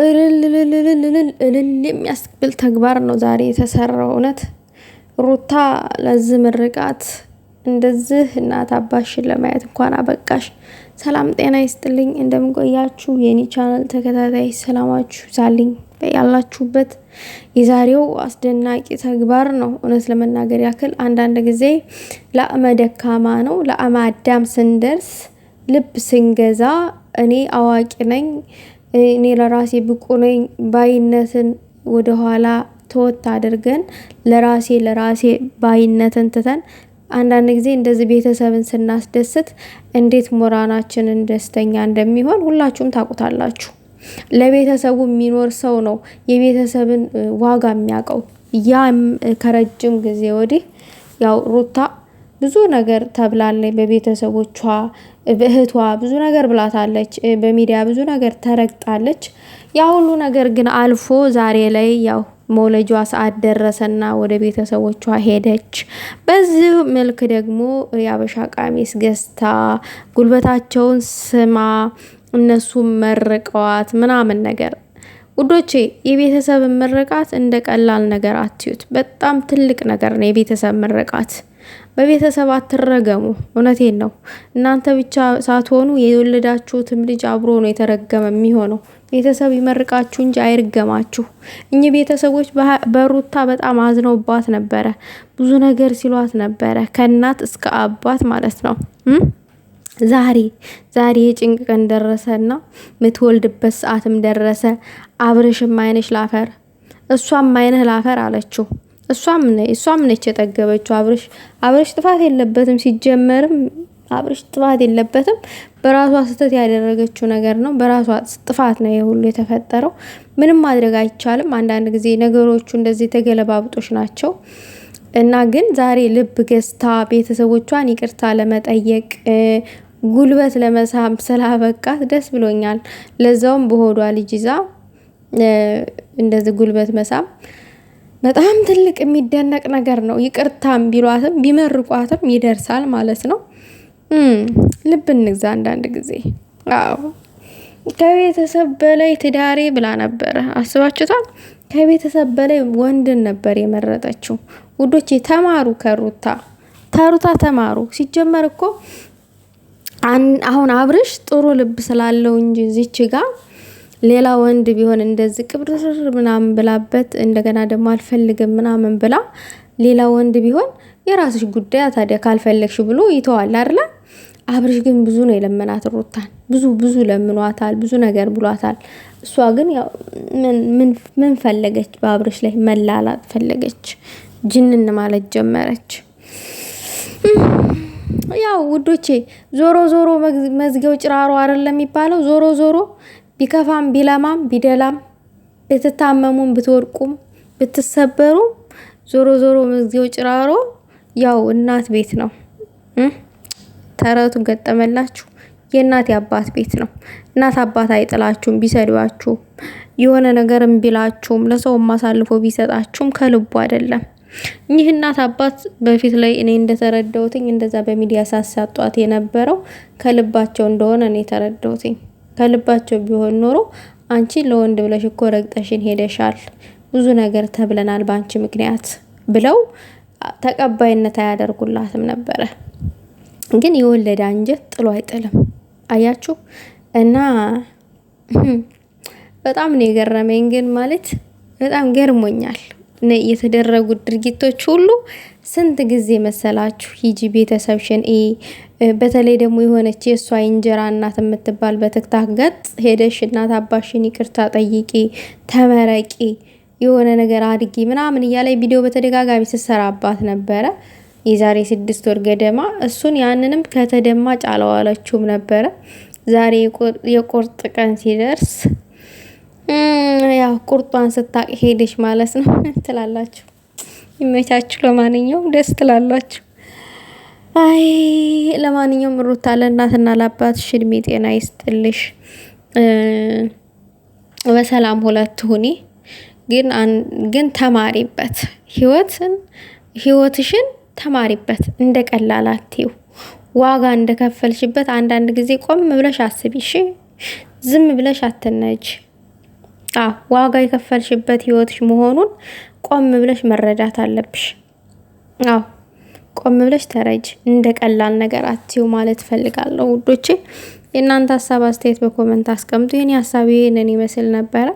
እልልልልልልል እልል የሚያስብል ተግባር ነው ዛሬ የተሰራው። እውነት ሩታ ለዚህ ምርቃት እንደዚህ እናት አባሽን ለማየት እንኳን አበቃሽ። ሰላም ጤና ይስጥልኝ፣ እንደምንቆያችሁ የኔ ቻናል ተከታታይ ሰላማችሁ ይዛልኝ ያላችሁበት። የዛሬው አስደናቂ ተግባር ነው እውነት ለመናገር ያክል አንዳንድ ጊዜ ለአመ ደካማ ነው ለአመ አዳም ስንደርስ ልብ ስንገዛ እኔ አዋቂ ነኝ እኔ ለራሴ ብቁ ነኝ ባይነትን ወደኋላ ተወት አድርገን ለራሴ ለራሴ ባይነትን ትተን አንዳንድ ጊዜ እንደዚህ ቤተሰብን ስናስደስት እንዴት ሞራናችንን ደስተኛ እንደሚሆን ሁላችሁም ታውቁታላችሁ። ለቤተሰቡ የሚኖር ሰው ነው የቤተሰብን ዋጋ የሚያውቀው። ያም ከረጅም ጊዜ ወዲህ ያው ሩታ ብዙ ነገር ተብላለች በቤተሰቦቿ በእህቷ ብዙ ነገር ብላታለች በሚዲያ ብዙ ነገር ተረግጣለች። ያ ሁሉ ነገር ግን አልፎ ዛሬ ላይ ያው መውለጃዋ ሰዓት ደረሰና ወደ ቤተሰቦቿ ሄደች። በዚህ መልክ ደግሞ የአበሻ ቀሚስ ገዝታ ጉልበታቸውን ስማ እነሱም መርቀዋት ምናምን ነገር ውዶቼ የቤተሰብ ምርቃት እንደ ቀላል ነገር አትዩት። በጣም ትልቅ ነገር ነው የቤተሰብ ምርቃት። በቤተሰብ አትረገሙ። እውነቴን ነው። እናንተ ብቻ ሳትሆኑ የወለዳችሁትም ልጅ አብሮ ነው የተረገመ የሚሆነው። ቤተሰብ ይመርቃችሁ እንጂ አይርገማችሁ። እኚህ ቤተሰቦች በሩታ በጣም አዝነውባት ነበረ። ብዙ ነገር ሲሏት ነበረ፣ ከእናት እስከ አባት ማለት ነው። ዛሬ ዛሬ የጭንቅ ቀን ደረሰና ምትወልድበት ሰዓትም ደረሰ። አብርሽም አይነሽ ላፈር፣ እሷም አይነህ ላፈር አለችው። እሷም ነች የጠገበችው። አብርሽ አብርሽ ጥፋት የለበትም ሲጀመርም አብርሽ ጥፋት የለበትም። በራሷ ስህተት ያደረገችው ነገር ነው። በራሷ ጥፋት ነው የሁሉ የተፈጠረው። ምንም ማድረግ አይቻልም። አንዳንድ ጊዜ ነገሮቹ እንደዚህ ተገለባብጦች ናቸው እና ግን ዛሬ ልብ ገዝታ ቤተሰቦቿን ይቅርታ ለመጠየቅ ጉልበት ለመሳብ ስላበቃት ደስ ብሎኛል። ለዛውም በሆዷ ልጅ ይዛ እንደዚህ ጉልበት መሳብ በጣም ትልቅ የሚደነቅ ነገር ነው። ይቅርታም ቢሏትም ቢመርቋትም ይደርሳል ማለት ነው። ልብ እንግዛ አንዳንድ ጊዜ። አዎ ከቤተሰብ በላይ ትዳሬ ብላ ነበረ። አስባችሁታል? ከቤተሰብ በላይ ወንድን ነበር የመረጠችው። ውዶቼ ተማሩ፣ ከሩታ ተሩታ ተማሩ። ሲጀመር እኮ አሁን አብርሽ ጥሩ ልብ ስላለው እንጂ እዚች ጋ ሌላ ወንድ ቢሆን እንደዚህ ቅብርር ምናምን ብላበት እንደገና ደግሞ አልፈልግም ምናምን ብላ ሌላ ወንድ ቢሆን የራስሽ ጉዳይ ታዲያ ካልፈለግሽ ብሎ ይተዋል አይደለ? አብርሽ ግን ብዙ ነው የለመናት ሩታን ብዙ ብዙ ለምኗታል፣ ብዙ ነገር ብሏታል። እሷ ግን ምን ፈለገች? በአብርሽ ላይ መላላት ፈለገች፣ ጅንን ማለት ጀመረች። ያው ውዶቼ ዞሮ ዞሮ መዝጊያው ጭራሮ አይደለም የሚባለው። ዞሮ ዞሮ ቢከፋም ቢለማም ቢደላም ብትታመሙም ብትወድቁም ብትሰበሩም ዞሮ ዞሮ መዝጊያው ጭራሮ ያው እናት ቤት ነው። ተረቱ ገጠመላችሁ። የእናት የአባት ቤት ነው። እናት አባት አይጥላችሁም፣ ቢሰድባችሁም፣ የሆነ ነገርም ቢላችሁም፣ ለሰውም አሳልፎ ቢሰጣችሁም ከልቡ አይደለም። ይህ እናት አባት በፊት ላይ እኔ እንደተረዳሁትኝ እንደዛ በሚዲያ ሳሳጧት የነበረው ከልባቸው እንደሆነ እኔ ተረዳሁትኝ። ከልባቸው ቢሆን ኖሮ አንቺ ለወንድ ብለሽ እኮ ረግጠሽን ሄደሻል፣ ብዙ ነገር ተብለናል በአንቺ ምክንያት ብለው ተቀባይነት አያደርጉላትም ነበረ። ግን የወለደ አንጀት ጥሎ አይጥልም። አያችሁ እና በጣም ነው የገረመኝ። ግን ማለት በጣም ገርሞኛል። የተደረጉ ድርጊቶች ሁሉ ስንት ጊዜ መሰላችሁ? ሂጂ ቤተሰብሽን ይ በተለይ ደግሞ የሆነች የእሷ እንጀራ እናት የምትባል በትክታክ ገጽ ሄደሽ እናት አባሽን ይቅርታ ጠይቂ፣ ተመረቂ፣ የሆነ ነገር አድጊ ምናምን እያለ ቪዲዮ በተደጋጋሚ ስትሰራባት ነበረ። የዛሬ ስድስት ወር ገደማ እሱን ያንንም ከተደማጭ አላዋለችውም ነበረ። ዛሬ የቁርጥ ቀን ሲደርስ ያው ቁርጧን ስታቅ ሄደች ማለት ነው ትላላችሁ። ይመቻችሁ። ለማንኛውም ደስ ትላላችሁ። አይ ለማንኛውም ሩታ ለእናትና ለአባትሽ እድሜ ጤና ይስጥልሽ። በሰላም ሁለት ሁኔ ግን ግን ተማሪበት ህይወትን ህይወትሽን ተማሪበት እንደ ቀላል ዋጋ እንደከፈልሽበት አንዳንድ ጊዜ ቆም ብለሽ አስብሽ ዝም ብለሽ አትነጅ። ዋጋ የከፈልሽበት ህይወትሽ መሆኑን ቆም ብለሽ መረዳት አለብሽ። አዎ ቆም ብለሽ ተረጅ። እንደ ቀላል ነገር አትዩ ማለት ፈልጋለሁ ውዶቼ። የእናንተ ሀሳብ አስተያየት በኮመንት አስቀምጡ። የኔ ሀሳብ ይህንን ይመስል ነበረ።